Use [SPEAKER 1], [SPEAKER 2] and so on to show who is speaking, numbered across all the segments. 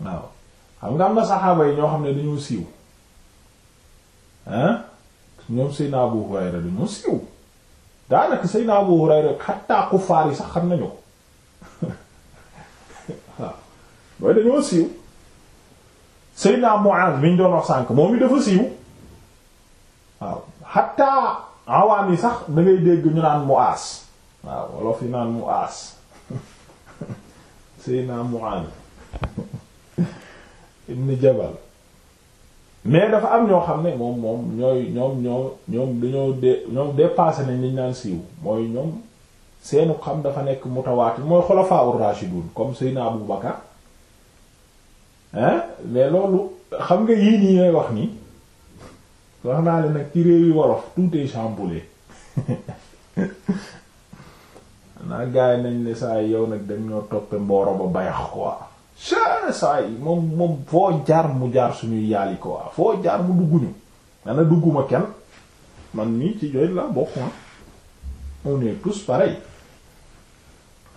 [SPEAKER 1] waaw xam nga am na saxaaba yi ñoo xam ne dañoo siiw ah ñoom Seydina Abu Hurayra dañoo siiw daanaka Seydina Abu Hurayra xatta kufaar yi sax xam nañu ko waaw mooy dañoo siiw Seydina Muaz bi ñu doon sànk moom yi dafa siiw waaw xatta awaan yi sax da ngay dégg ñu naan Muaz waaw wolof yi naan Muaz Seydina Muaz ibn Jabal mais dafa am ñoo xam ne moom moom ñooy ñoom ñoo ñoom dañoo de ñoom dépassé nañ liñ naan siiw mooy ñoom seenu xam dafa nekk mutawaatir mooy xulafaa ur-rashidun comme Seydina Abu Bakar hein mais loolu xam nga yii nii ñooy wax nii wax naa la nag ci réew yi wolof tout est chamboulé naa gaay nañ ne saa yow nag dañ ñoo toppe mbooro ba bayax quoi saa yi moom moom foo jaar mu jaar suñuy yaali ko waa foo jaar mu dugguñu dana dugguma kenn man nii ci jooy la bokk ma ah. on est tous pareils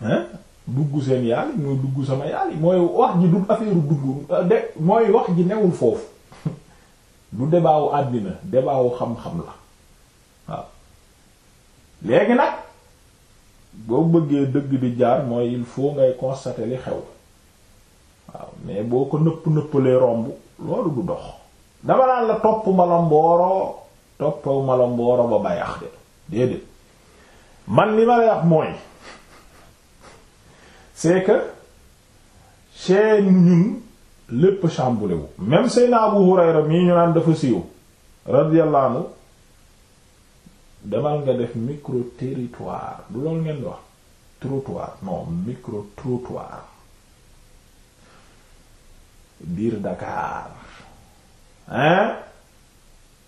[SPEAKER 1] hein dugg seen yaali mooy dugg sama yaali mooy wax ji du affaire dugg euh, de mooy wax ji newul foofu du debaawu àddina debaawu xam-xam la waaw léegi nag boo bëggee dëgg di jaar mooy il faut ngay constater li xew waaw mais boo ko nëpp nëppalee romb loolu du dox dama naan la topp malombooro toppaw malombooro ba bayax de déedéet man li ma lay wax mooy c'est que chez ñun lépp chamboulé wu même Seydina Abu mii ñu naan dafa siiw radiyallahu anhu demal nga def micro territoire du loolu ngeen wax trottoir non micro trottoir biir Dakar hein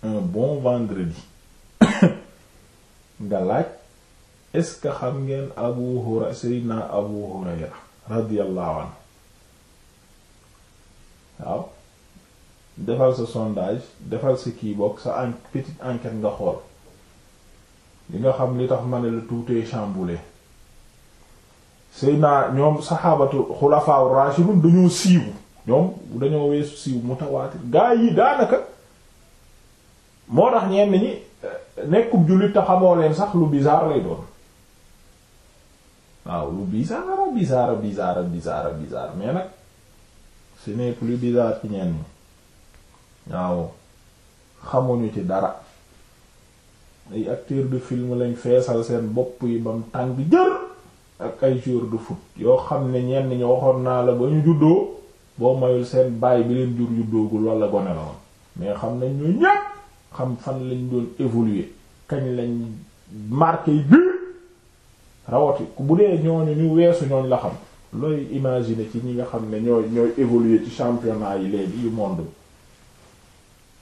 [SPEAKER 1] un bon vendredi nga laaj est-ce que xam ngeen Abu Hurayra Seydina Abu Hurayra radiyallahu anhu waaw defal sa sondage defal sa kii bokk sa en petite enquête nga xool li nga xam li tax ma ne la tuutee chamboulé Seydina ñoom saxaabatu xulafaa rashidun dañoo siiwu ñoom dañoo weesu siiw mutawaatir gaa yi daanaka moo tax ñenn ñi eh, nekkub jullit te xamoo leen sax lu bizarre lay doon waaw lu bizarre bizarre bizarre bizarre bizarre mais nag ce ne plus bizarre ci ñenn ñi waaw xamuñu ci dara ay acteurs de film lañ feesal seen bopp yi bam tàng jër ak ay joueurs de foot yoo xam ne ñenn ñi waxoon naa la ba ñu juddoo boo mayul seen bàyyi bi leen jur yu doogul wala gone la woon mais xam nañ ñu ñépp xam fan lañ doon évoluer kañ lañ marqué yi bi rawati bu dee ñooñu ñu weesu ñooñ la xam looy imaginer ci ñi nga xam ne ñooy ñooy évoluer ci championnat yi léegi yu monde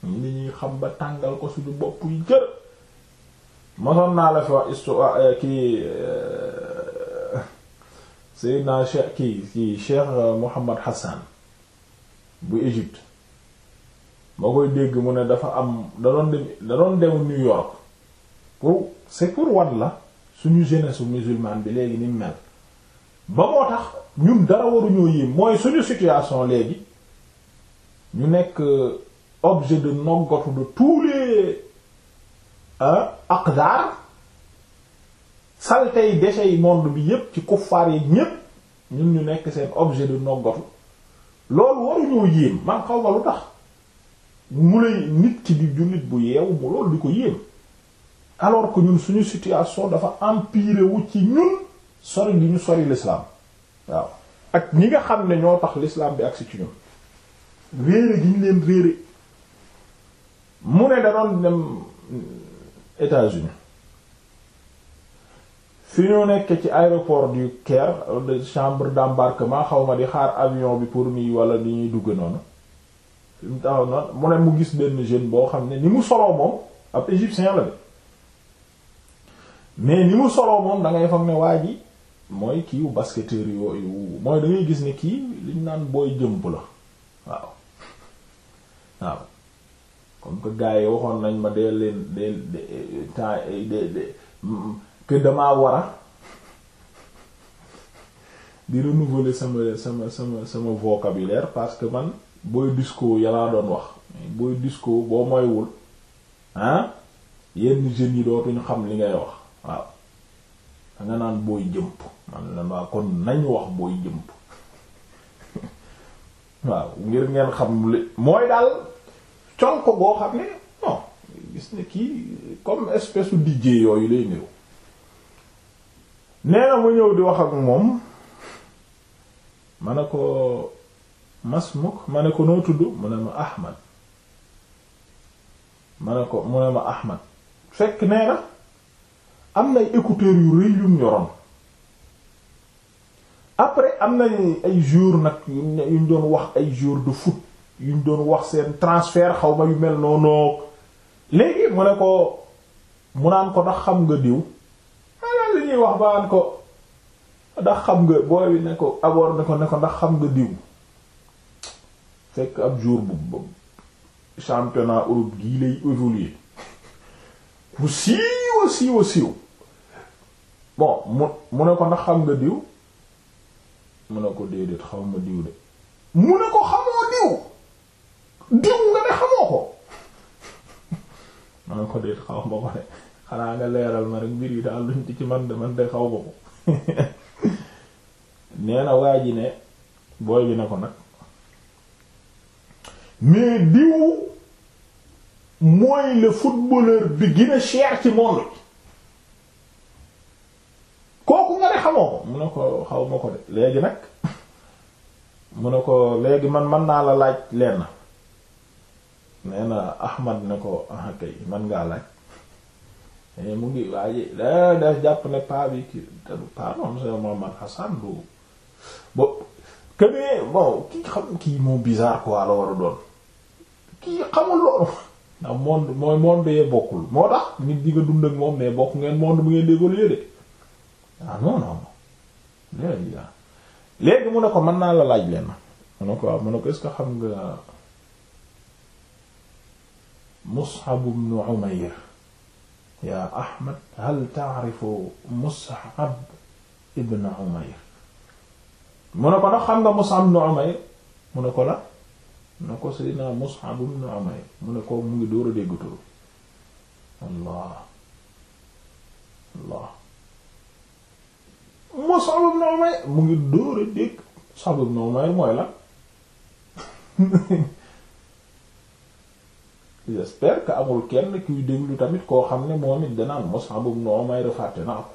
[SPEAKER 1] ni ñuy xam ba tàngal ko suñu bopp yi jër mosoon naa la fi wax histoire ah, eh, kii eh, Seydina Cheikh kii kii Cheikh Mohammed Hassan bu Égypte moo koy dégg mu ne dafa am da doon dem da doon dem New York pour c'est pour wan la suñu jeunesse musulmane bi léegi ni mel ba moo tax ñun dara waruñoo yéem mooy suñu situation léegi ñu nekk euh, objet de noggatu de tous les aqdar saltey déchets monde bi yépp ci kuffaar yi ñépp ñun ñu nekk seen objet de noggatu loolu waruñoo yéem man xaw ma lu tax mu lay nit ci di jullit bu yeewu mu loolu di ko yéem alors que ñun suñu situation dafa empiré wu ci ñun sori gi ñu sori l'islam waaw ak ñi nga xam ne ñoo tax l'islam bi agsi ci ñun réere gi ñu leen réere mu ne da dem États-Unis fi ñu nekk ci aéroport du Caire de chambre d'embarquement xaw ma di xaar avion bi pour mi wala li ñuy dugg noonu fi mu mu ne mu gis benn jeune boo xam ne ni mu soloo moom ab égyptien la bi mais ni mu soloo moom da ngay ne waa ji mooy kiiwu basketteur yooyu mooy da gis ne kii liñ naan booy jëmb la waaw waaw comme que gars waxoon nañ ma dee leen dee temps que damaa war a di renouveler sama sama sama sama vocabulaire parce que man booy discours yalaa doon wax booy discours boo moywul ah yenn jeunes yi dootuñu xam li ngay wax waaw danga naan booy jëmp man la maa kon nañ wax booy jëmp waaw ngir ngeen xam li mooy daal col ko boo xam ne non gis ne kii comme espèce u DJ yooyu lay néew nee na mu ñëw di wax ak moom ma ne ko masmuk ma ne ko noo tudd mu ne ma ahmad ma ne ko mu ne ma ahmad fekk nee na am nay écouteurs yu rëy yum yoroon après am na ay jour nag yuñ doon wax ay jour du fut yuñ doon wax seen transfert xaw ma yu mel noonu léegi mu ne ko mu ko ndax xam nga diw ñuy wax baan ko dax xam nga booy bi ne ko abord ne ne ko ndax xam nga diw fekk ab jour bu championnat Europe gii lay évoluer ku siiwa siiwa siiw bon mu mu ne ko ndax xam nga diw mu ne ko déedéet xaw ma diw de mu ne ko xamoo diw diw nga ne xamoo ko mu ne ko déet xaw ko de xanaa nga leeral ma rek mbir yi daal luñ ci ci man de man de xaw ba ko nee na waa ji ne booy bi ne ko nag mais diw mooy le footballeur bi gën a ci monde bi kooku nga ne xamoo ko mu ne ko xaw ma ko de léegi nag mu ne ko léegi man mën naa la laaj lenn nee na Ahmad ne ko ah kay man ngaa laaj Eh, mu ngi waaye da eh, da jàpp ne paa bi ki te du paa kii xam kii moo bizarre quoi la kii xamul loolu ndax monde nga dund ak bokk ngeen monde ah, ah. ko mën naa la laaj leen mu ko waaw mu ne xam nga Mus'ab yaa Ahmad hal taarifu Mus'ab ibn Umayr mu ne ko nag xam nga Mus'ab ibn Umayr mu ne ko la mu ne ko Seydina Mus'ab ibn Umayr mu ne ko mu ngi dóor a dégg turu Allah Allah Mus'ab ibn Umayr mu ngi dóor a dégg Mus'ab ibn Umayr mooy la j'espère que amul kenn kuy déglu tamit koo xam ne moom it danaan Mus'ab ibn Umayr fàtte naa ko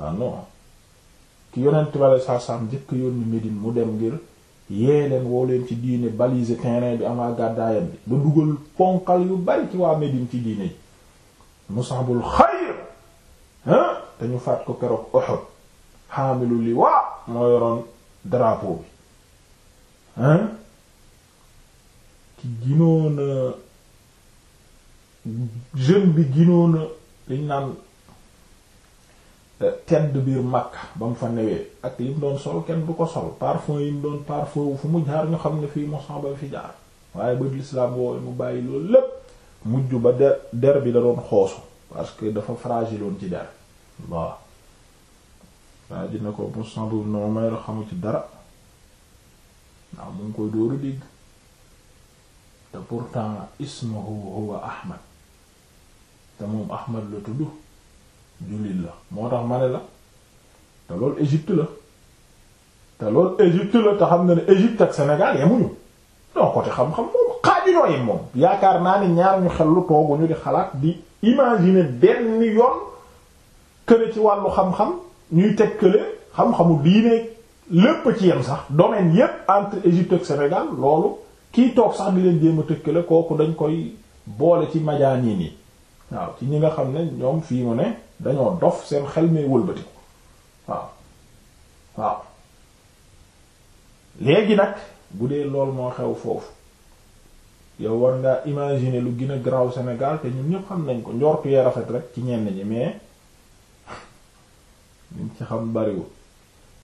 [SPEAKER 1] ah non ki yonent bale sarsam njëkk yónni Médine mu dem ngir yee leen woo ci diine baliser terrain bi amaa gàddaayam bi ba dugal ponkal yu bari ci waa Médine ci diine yi Mus'abul Xayr hein ah, te faat ko keroog Uhud xaamilu liwaa moo yoroon drapeau bi hein ah. ki ginoona jeune bi ginoona liñ naan euh, tedd biir Makka ba mu fa newee ak li mu doon sol kenn du ko sol parfum yi mu doon parfum fu mu jaar ñu xam ne fii Mus'ab ba fi jaar waaye ba l'islam woowe mu bàyyi loolu lépp mujj ba der der bi da doon xoosu parce que dafa fragile woon ci der waaw waaye dina ko Mus'ab ibn Umayr xamu ci dara waaw mu koy dóoru dégg te pourtant ismuhu huwa Ahmad te moom Ahmad la tudd jullit la moo tax ma ne la te loolu Égypte la te lool Égypte la te xam nga ne Égypte ak Sénégal yemuñu non côté xam-xam moom xaajuñoo yem moom yaakaar naa ni ñaar ñu xel lu tooguñu di xalaat di imaginer benn yoon kële ci wàllu xam-xam ñuy teg kële xam-xamu diine lépp ci yem sax domaine yépp entre Égypte ak Sénégal loolu kiy toog sax di leen jéem tëkkale kooku dañ koy boole ci majaaniin yi waaw ci ñi nga xam ne ñoom fii mu ne dañoo dof seen xel may wëlbati waaw waaw léegi nag bu dee lool moo xew foofu yow war ngaa imaginer lu gën a garaaw Sénégal te ñun ñëpp xam nañ ko njortu yee rafet rek ci ñenn ñi mais liñ ci xam bariwul